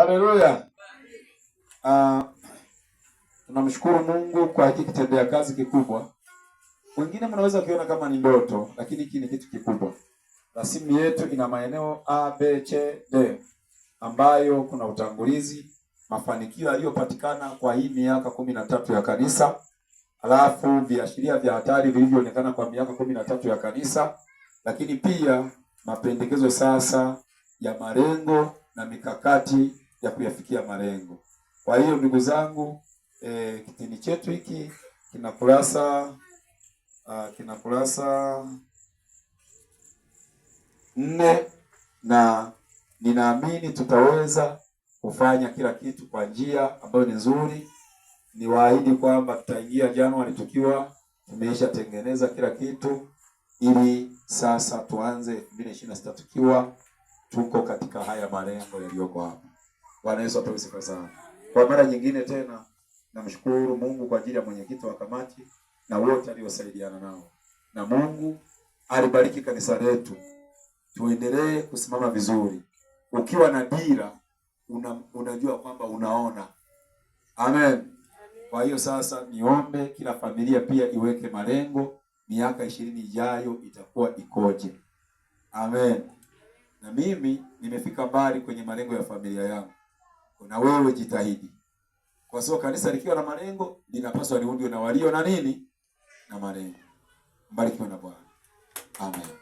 Haleluya. Uh, tunamshukuru Mungu kwa hiki kitendea kazi kikubwa. Wengine mnaweza kuona kama ni ndoto, lakini hiki ni kitu kikubwa. Rasimu yetu ina maeneo A, B, C, D ambayo kuna utangulizi, mafanikio yaliyopatikana kwa hii miaka kumi na tatu ya kanisa, halafu viashiria vya hatari vilivyoonekana kwa miaka kumi na tatu ya kanisa, lakini pia mapendekezo sasa ya malengo na mikakati ya kuyafikia malengo. Kwa hiyo ndugu zangu, e, kipindi chetu hiki kina kurasa ah, kina kurasa nne na ninaamini tutaweza kufanya kila kitu kwa njia ambayo ni nzuri. Niwaahidi kwamba tutaingia Januari tukiwa tumeshatengeneza tengeneza kila kitu, ili sasa tuanze 2026 tukiwa tuko katika haya malengo yaliyoko hapa. Bwana Yesu apewe sifa sana. Kwa mara nyingine tena namshukuru Mungu kwa ajili ya mwenyekiti wa kamati na wote aliosaidiana nao, na Mungu alibariki kanisa letu. Tuendelee kusimama vizuri. Ukiwa na dira una, unajua kwamba unaona. Amen. Kwa hiyo sasa niombe kila familia pia iweke malengo miaka ishirini ijayo itakuwa ikoje? Amen. Na mimi nimefika mbali kwenye malengo ya familia yangu na wewe jitahidi, kwa sababu kanisa likiwa na malengo linapaswa liundwe na walio na nini na malengo. Mbarikiwe na Bwana, amen.